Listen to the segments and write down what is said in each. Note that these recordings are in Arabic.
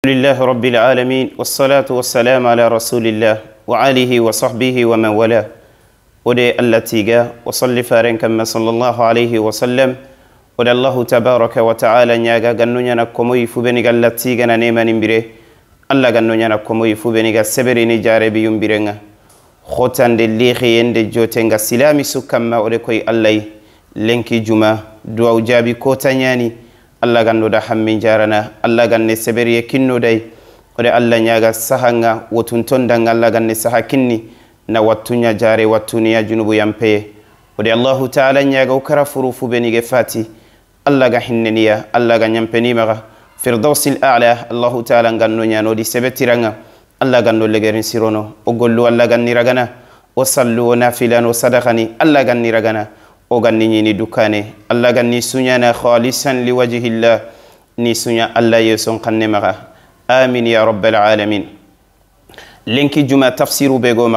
لله رب العالمين والصلاة والسلام على رسول الله وعاله وصحبه ومن والاه ودي التي جاء وصل فارن كما صلى الله عليه وسلم ودى الله تبارك وتعالى نياغا غنونا نكموي فبني التي جانا نيما نمبره الله غنونا نكموي فبني سبري نجاري بيوم برنا خوتان دي ليخي يند جوتنغا سلامي سكما ودي كوي الله لنكي جمع دعو جابي كوتانياني allah ganduɗa hammin jarana allah ganne seberiye kinnuday oɗe allah ñaga sahanga wotuntondan allah ganne saha kinni na wattuña jare wattuniya junubu yampeye oɗe allahu taala ñaga o kara furu fubenige fati allah ga hinneniya allah ga ñampenimaga firdausil ala allahu taala ganno ñanoɗi sebetiranga allah ganno legerin sirono o gollu allah ganniragana o sallu o nafilan o sadakani allah ganniragana ogan ni ñini dukkane allah gan ni suñana khalisan liwajihillah ni suña allah ye son xanne amin ya rabbal alamin lenki juma tafsiru be go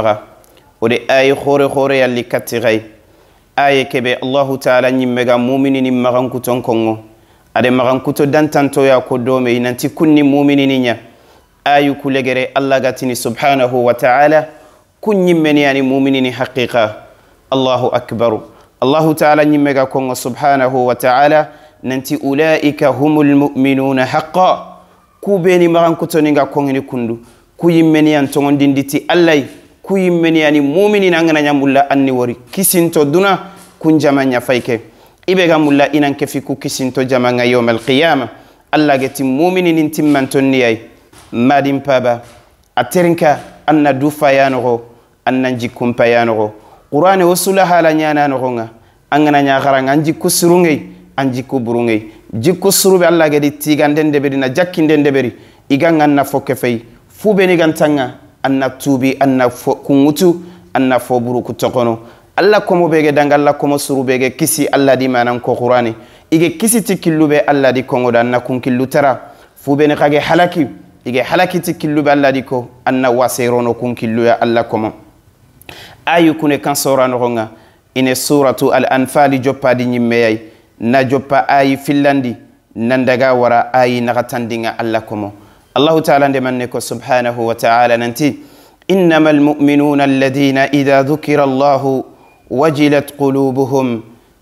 ode aye khore khore yalli katti xay aye kebe allahu taala ñimme ga muminini maxankuton kongo ade maxankuto dantantoya ko dome nanti kunni muminini ña ayu kulegere allah gatini subhanahu wa taala kun ñimmeniyani muminini haqiqa allahu akbaru allahu taala ñimme ga kongo subhanahu wa taala nanti ulaika humul muminuna haqa ku beni maxan kotoninga kongini kundu ku yimmeniyani togondinditi allahy ku yimmeniyani muminin an ganaya mulla anni wori kisinto duna kun jama ɲafayike i be ga mulla inan kefi ku kisinto jamanga alla geti mumininin timmantonniyay madin paba a terinka an na du fayanoxo an nan jikkunpayanoxo qur'ane wo sula hala ñana noxonga a ngana ñaxaranga an jikku surungey an jikku burungey jikku surube alla gedi tiganden deɓeri na jakkinden deɓeri igan an na fo kefey fu beni gantanga an na tuubi an na fo kunŋutu an na fo buruku toxono alla komo bege danga alla komo surubege kisi alla di manan ko qur'ane ige kisi ti killube alla di kongoda an na kun killu tara fu beni xage halaki ige halaki ti killube alla di ko an na waserono kun killuya alla komo ayu kune kan sora nogonga ine suratu al anfali joppadi ñimmeyay na joppa ayi fillandi nandaga wara ayi naxatandinga alla komo allahu taala ndemanne ko subhanahu wa taala nanti innama almuminuna alladina ida dhukira allahu wajilat qulubuhum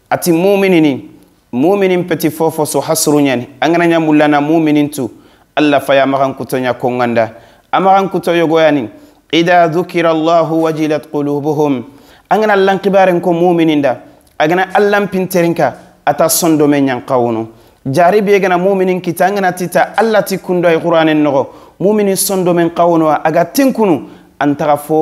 ati muminini muminin peti fofo so hasruñani anganaña mullana muminin tu allah faya maxan kutoña konganda amaxan kuto yogoyanin إذا ذكر الله وجلت قلوبهم أنغنا اللان قبارن كو مؤمنين دا أغنا اللان بنترين أتا صندو من ينقونو جاري بيغنا مؤمنين كتا أنغنا تتا ألا تكون داي قرآن النغو مؤمنين صندو من قونو أغا تنكونو أنتغا فو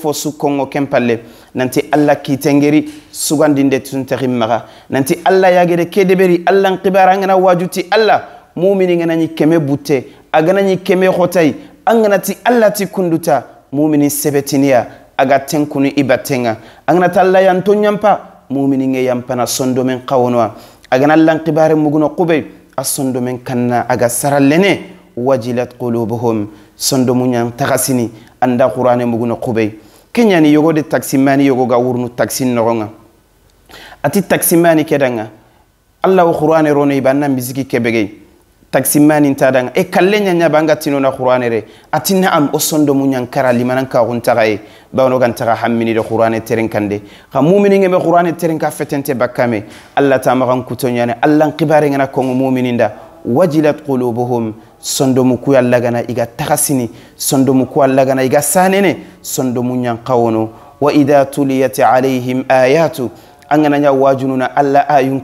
فو سكونغو كمبالي nanti alla kitengeri sugandinde tuntaxin maxa nanti alla yagede kedeberi allan xibara angana wajuti alla mumini ngana ñi keme butte a gana ñi keme xotayi an kana alla ti kunduta mumini sɛbɛtiniya a ga ten kunu i baten ga an kana mumini ŋe yanpana sondomen kawonowa a gana lankibare muguno kube a kanna a ga wajilat qulubuhum sondomu ɲan tagasini an qur'ane muguno kube kenyani yogo de taximani yogo ga wurnu taxin nogon ati taximani kedan ga qur'ane rono i banna kebegei taximani ntadanga e kalle ñañaba anga tinona qur'ane re ati naam o sondo muñan kara limanan ka xuntaxa ye bawano gantaxa hamminide qur'ane teren kande xa muminingeme qur'ane teren ka fetente bakkame allah tamaxan kutoñane allah n xibarengana kongo mumuninda wajilat qulubuhum sondomu ku allagana iga taxasini sondomu ku allagana iga sanene sondomu ñan wa ida tuliyat alayhim ayatu an gana ña wajununa allah ayun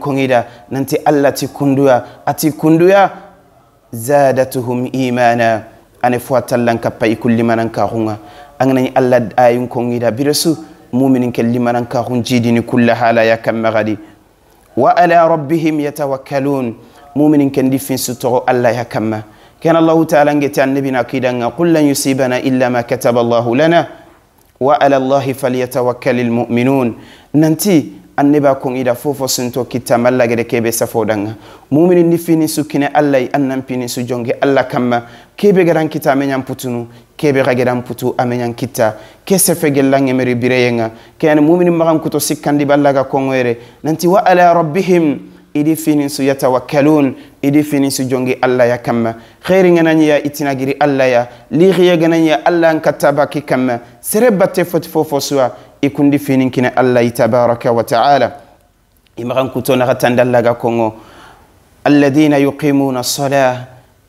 nanti allah ti kunduya ati kunduya zadatuhum imana ane fo tallan kappa i kulli manan kaxunga a ganani allah ayin kongida biresu muminin ke limanan kaxun jidini kulla halaya kammaxadi wa ala rabbihim yatawakkalun muminin ken di finsu toxo allah ya kamma كان الله تعالى نجت النبي نقيدا قل لن يصيبنا إلا ما كتب الله لنا وعلى الله فليتوكل المؤمنون ننتي anneba kon ida fofo sinto kitta gede kebe safo danga mumini ni fini su kine allahy annan pini su jonge alla kamma kebe garan kita ameñan putunu kebe xa gedan putu ameñan kitta ke sefe meri bireyenga ke mumini muminin maxan kuto sikkandi ga kongoyere nanti wa ala rabbihim idi fini su yatawakkalun idi fini su jonge alla ya kamma khairi xeeri ŋenanɲiya itinagiri alla ya lixiye gananɲiya alla an kataba ki kamma sere batte fofo suwa ikundi fininkine allah tabaraka wa taala imaxan kuto naxa tandallaga kongo alladina yuqimuna asala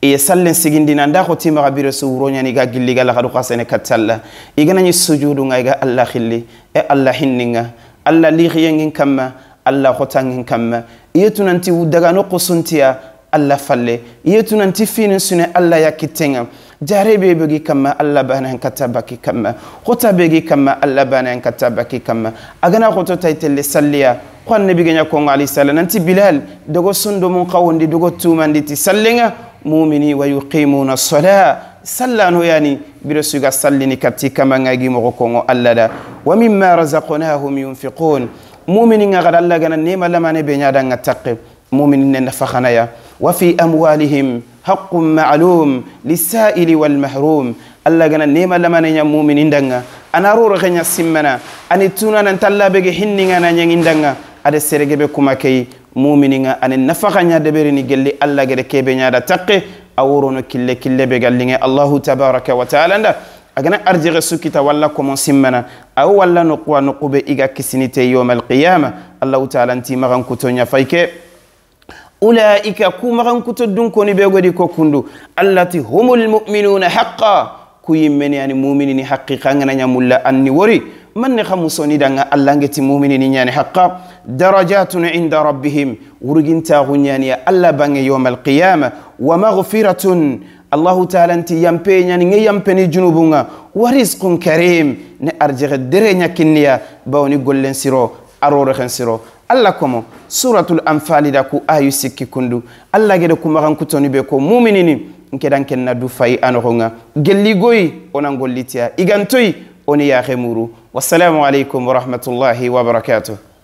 iye sallen sigindina nda xoti maxa bire so wuroñani ga gilliga laxadu xa sene kattalla iganañi sujudunga iga allah xilli e allah hinninga allah lixiyengin kamma allah xotangin kamma iyetunanti dagano qosuntiya allah falle iyetunanti finin sune allah yakkittenga jarebe begi kama alla bana en katabaki kama khota begi kama alla bana en katabaki kama agana khoto taitelle salliya kwanne bigenya ko ngali sallan anti bilal dogo sundo mun qawndi dogo tumandi ti sallenga mu'mini wa yuqimuna as-salat sallano yani bido suga sallini kati kama ngagi mogo kongo alla da wa mimma razaqnahum yunfiqun mu'minin ga gada alla gana nema lamane be nyaada nga taqe mu'minin ne nafakhana ya وفي أموالهم حق معلوم للسائل والمحروم الله جنا نيم الله من يموم من إندعنا أنا رور غنيا سمنا أنا تونا نتلا بيج هنينا نيج إندعنا أدي سرقة بكم أكيد مؤمنين أن النفقة نيا دبرني جلي الله جد كيبنيا دتقة أورونا كل كل بجلينا الله تبارك وتعالى أجنا أرجع سكت ولا كم سمنا أو ولا نقوى نقوى إيجا كسنتي يوم القيامة الله تعالى أنتي مغن كتونيا فايكه ulaika ku magan kutoddun koni be godi ko kundu allati humul mu'minuna haqqan ku yimmeni ani mu'minini haqqi kangana nyamulla anni wori manni khamusoni danga allangeti mu'minini nyani haqqa darajatun inda rabbihim uruginta gunyani alla bange yawmal qiyamah wa maghfiratun allahu taala nti yampe ñani ŋe yampeni junubu ŋa wa risqun karim ne arjexe dere ñakkinniya bawo ni gollen siro arorexen siro alla komo suratul anfali da ku ayu sikki kundu alla gede kumaxan kutoni be ko muminini nke dan ken na du fayi a noxonga gelligoyi onan gollitiya igantoyi oni yaxe muru wasalamu alaikum warahmatullahi wabarakatuh